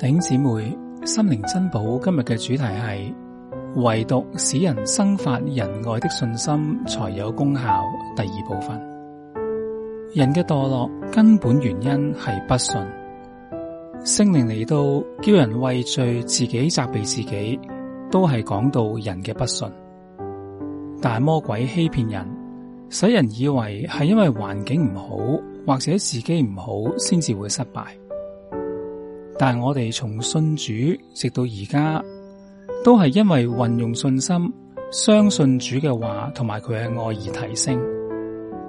弟兄姊妹，心靈珍寶，今日嘅主題係唯獨使人生發仁愛的信心才有功效。第二部分，人嘅墮落根本原因係不信。聖靈嚟到叫人為罪，自己責備自己，都係講到人嘅不信。但魔鬼欺騙人，使人以為係因為環境唔好或者自己唔好，先至會失敗。但我哋從信主直到而家，都係因為運用信心，相信主嘅話同埋佢嘅愛而提升。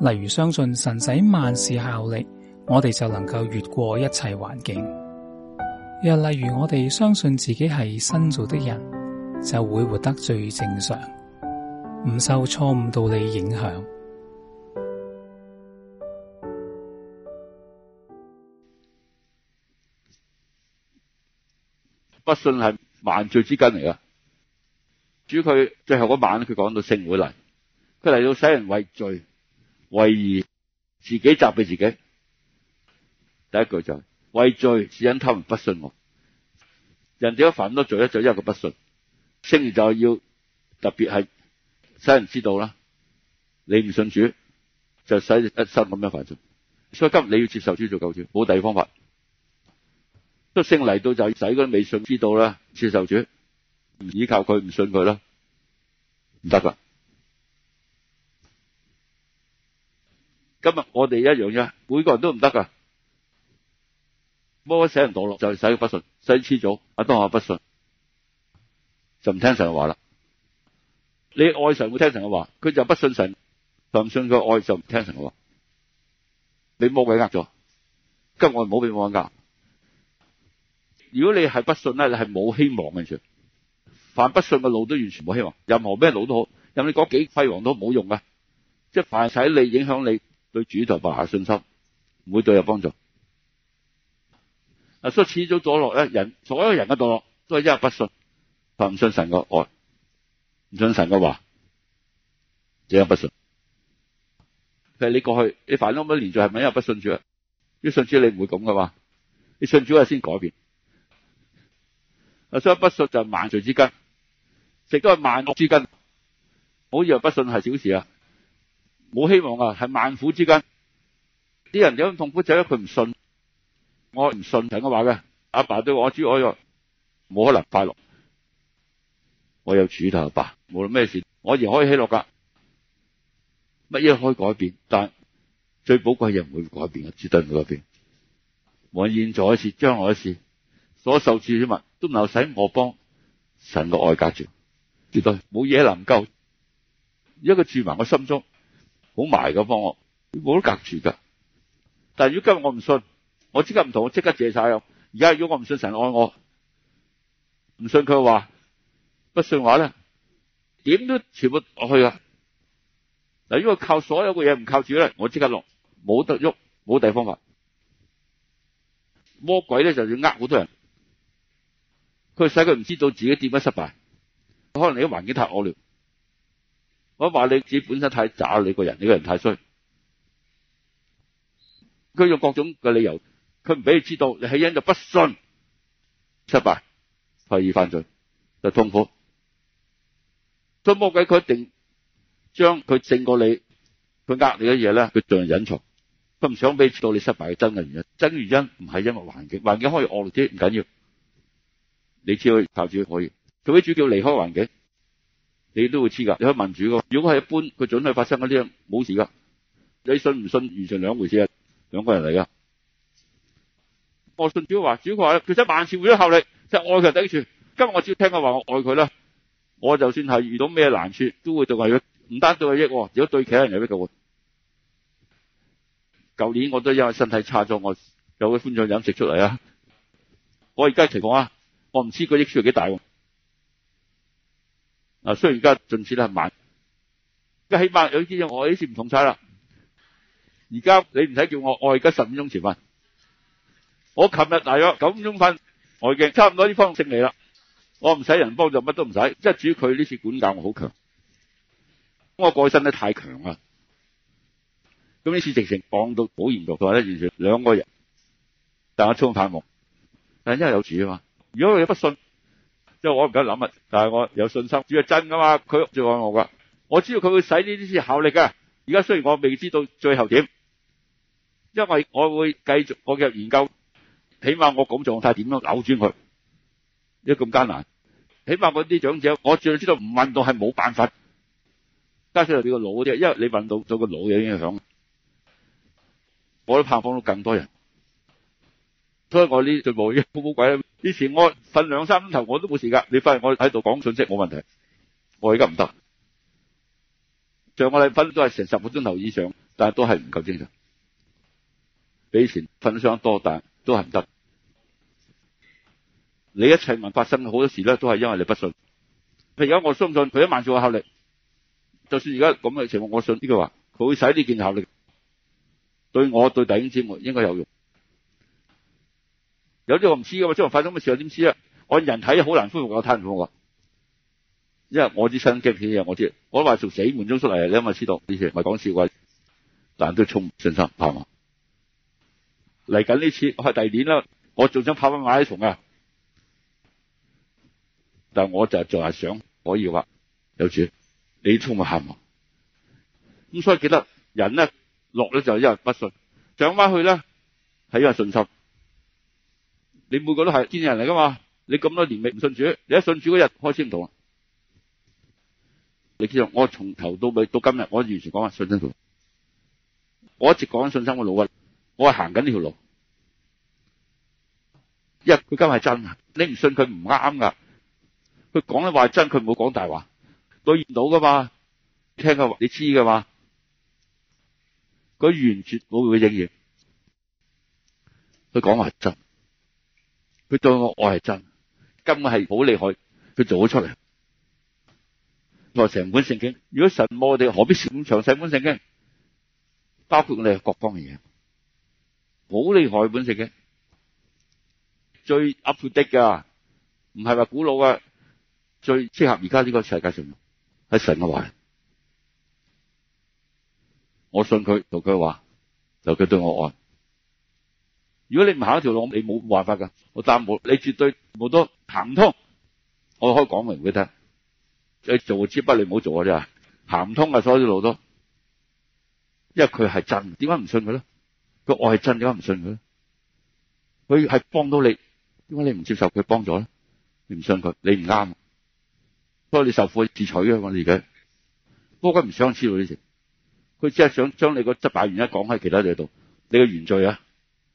例如相信神使萬事效力，我哋就能夠越過一切環境；又例如我哋相信自己係新造的人，就會活得最正常，唔受錯誤道理影響。不信係萬罪之根嚟噶主佢最後嗰晚佢講到聖會嚟，佢嚟到使人為罪，為義自己責備自己。第一句就係為罪，是因他們不信我。人哋一犯咗罪，一罪一個不信，聖就要特別係使人知道啦。你唔信主，就使一生咁樣犯罪。所以今日你要接受主做救主，冇第二方法。都升嚟到就使嗰啲未信知道啦，接受主，唔依靠佢，唔信佢啦，唔得㗎。今日我哋一樣啫，每個人都唔得㗎。魔鬼使人墮落就係使佢不信，使始祖，阿當下不信，就唔聽神嘅話啦。你愛神會聽神嘅話，佢就不信神，信就唔信佢愛神，唔聽神嘅話。你魔鬼呃咗，今日我唔好俾魔鬼。如果你係不信咧，你係冇希望嘅。凡不信嘅路都完全冇希望，任何咩路都好，任你講幾輝煌都冇用嘅。即係凡使你影響你對主同父下信心，唔會對有幫助。啊，所以始早墮落咧，人所有人嘅墮落都係因為不信，凡唔信神嘅愛，唔信神嘅話，這樣不信。其實你過去你凡都咁樣連續係咪又不信主啊？要信主你唔會咁嘅嘛，你信主啊先改變。所以不信就是萬罪之根，亦都係萬惡之根。唔以為不信係小事啊！冇希望啊，係萬苦之根。啲人有咁痛苦就因為佢唔信，我唔信神嘅話嘅。阿爸，爸對我話：主，我話冇可能快樂，我有主就阿爸，爸，無論咩事，我亦可以起落噶，乜嘢可以改變？但最寶貴又唔會改變嘅，絕對唔會改變。只改變無論現在嘅事、將來嘅事，所受造之物。都唔能使我幫神個愛隔住，絕對冇嘢能夠一個住埋我心中好埋嘅幫我，冇得隔住噶。但係如果今日我唔信，我即刻唔同，我即刻借晒。而家如果我唔信神愛我，唔信佢話，不信話咧，點都全部落去啊！嗱，如果靠所有嘅嘢唔靠主咧，我即刻落，冇得喐，冇地方法。魔鬼咧就要呃好多人。佢使佢唔知道自己點樣失敗，可能你嘅環境太惡劣，我話你自己本身太渣，你個人你個人太衰，佢用各種嘅理由，佢唔俾你知道你起因就不信失敗，懷疑犯罪，就痛苦。所以魔鬼佢一定將佢正過你，佢呃你嘅嘢咧，佢盡量隱藏，佢唔想俾你知道失敗嘅真嘅原因，真原因唔係因為環境，環境可以惡劣啲唔緊要。你黐佢靠住佢可以，除非主叫離開環境，你都會黐噶。如果民主個，如果係一般，佢准係發生嗰啲冇事噶。你信唔信完全兩回事啊，兩個人嚟噶。我信主話，主話咧，佢使萬事互相效力，就係、愛佢頂住。今日我只要聽佢話，我愛佢啦，我就算係遇到咩難處，都會對佢，唔單對佢益，如果對其他人有益嘅話。舊年我都因為身體差咗，我有啲歡暢飲食出嚟啊。我而家情況啊。我唔知個益處有幾大喎。啊，雖然而家進展得係慢，即起碼有啲嘢我呢次唔同晒啦。而家你唔使叫我，我而家十點鐘前瞓。我琴日大約九點鐘瞓，我已經差唔多啲方式嚟啦。我唔使人幫就乜都唔使，即係主要佢呢次管教我好強。我個身體太強啦。咁呢次直情放到好嚴重，嘅話，咧完全兩個人，但係充滿盼望，但係因為有主啊嘛。如果我有不信，即係我唔敢諗啊！但係我有信心，主係真噶嘛？佢就話我噶，我知道佢會使呢啲先效力嘅。而家雖然我未知道最後點，因為我會繼續我嘅研究，起碼我咁狀態點樣扭轉佢？因為咁艱難，起碼啲長者，我最知道唔運動係冇辦法，加上你個腦嘅，因為你運動到個腦有影響。我都盼望碰到更多人。所以我呢進步已經好好鬼。以前我瞓兩三個鐘頭我都冇事噶,你發現我喺度講信息冇問題。我而家唔得，上個禮拜都係成十個鐘頭以上，但係都係唔夠精神。比以前瞓得上多，但係都係唔得。你一切問發生好多事咧，都係因為你不信。譬如而家我相信佢一萬兆嘅效力，就算而家咁嘅情況，我信呢句話，佢會使呢件效力，對我對弟兄姊妹應該有用。有啲我唔知噶嘛，即係發生乜事我點知啊？我人體好難恢復，我癱瘓個，因為我啲身經此嘢我知，我都話從死門中出嚟，你咪知道呢次唔係講笑鬼，但都充滿信心盼望。嚟緊呢次我係第二年啦，我仲想拍翻馬拉松嘅，但係我就係仲係想可以話有主，你充滿盼望。咁所以記得人咧落咧就係因為不信，上翻去咧係因為信心。你每個都係天人嚟噶嘛？你咁多年未唔信主，你一信主嗰日開始唔同啊。你知道我從頭到尾到今日，我完全講緊信心路。我一直講緊信心嘅路啊，我係行緊呢條路，因為佢今日係真。啊，你唔信佢唔啱噶，佢講嘅話真，佢唔好講大話，兌唔到噶嘛？聽佢你知噶嘛？佢完全冇佢嘅影嘢，佢講話真。佢對我愛係真的，根本係好厲害，佢做咗出嚟。我成本聖經，如果神冇我哋，何必寫咁長本聖經？包括我哋各方嘅嘢，好厲害的本聖經，最 update 噶，唔係話古老啊，最適合而家呢個世界上喺神嘅話。我信佢，讀佢話，就佢對我愛。如果你唔行一條路，你冇冇辦法噶。我答冇，你絕對冇得行唔通。我可以講明俾你聽，做之你做此不你唔好做啊！真係行唔通啊，所有路都，因為佢係真。點解唔信佢咧？佢我係真，點解唔信佢咧？佢係幫到你，點解你唔接受佢幫助咧？你唔信佢，你唔啱。所以你受苦自取啊！我而家，我佢唔想知道啲事。佢只係想將你個執敗原因講喺其他嘢度，你嘅原罪啊！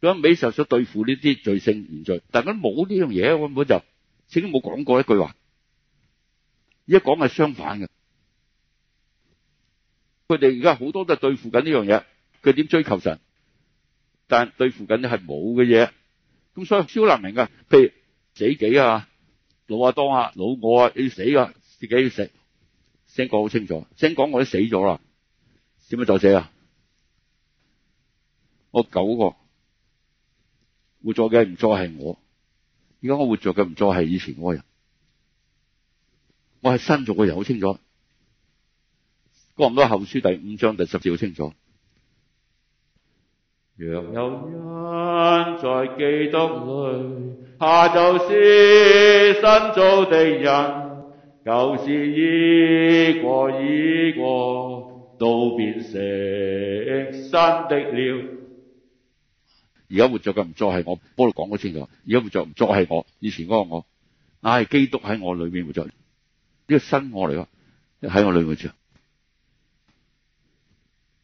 佢一味就想對付呢啲罪性原罪，但係佢冇呢樣嘢根本就始終冇講過一句話，一講係相反嘅。佢哋而家好多都係對付緊呢樣嘢，佢點追求神？但係對付緊嘅係冇嘅嘢，咁所以超難明噶、啊。譬如自己啊，老阿當啊，老我啊，你要死呀、啊，自己要死。先講好清楚，先講我都死咗啦。點樣再死啊，我九個。活着嘅唔再係我，而家我活着嘅唔再係以前嗰個人，我係新做嘅人，好清楚。哥林多後書第五章第十七節好清楚。若有人在基督裡，他就是新造的人，舊事已過，已過都變成新的了。而家活着嘅唔再係我，幫我喺度講咗清楚。而家活着唔再係我，以前嗰個我，係基督喺我裏面活着，呢、這個新我嚟嘅，喺我裏面住。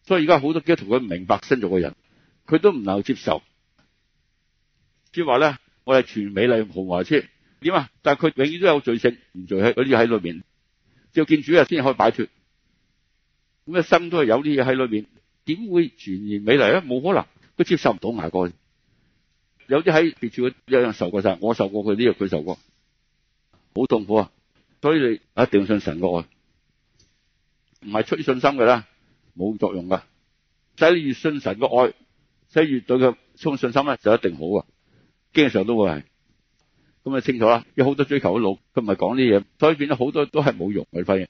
所以而家好多基督徒佢唔明白新造嘅人，佢都唔能夠接受。即係話咧，我係全美麗毫無瑕疵，點啊？但係佢永遠都有罪性，唔罪喺嗰啲喺裏面，只要見主啊先可以擺脫。咁啊心都係有啲嘢喺裏面，點會全然美麗咧？冇可能。佢接受唔到捱過，有啲喺別處嘅有人受過曬，我受過佢，呢個佢受過，好痛苦啊！所以你一定要信神嘅愛，唔係出於信心嘅咧，冇作用噶。使你越信神嘅愛，使你越對佢充滿信心咧，就一定好噶。經常都會係咁啊！清楚啦，有好多追求嘅路，佢唔係講呢啲嘢，所以變咗好多都係冇用嘅反應。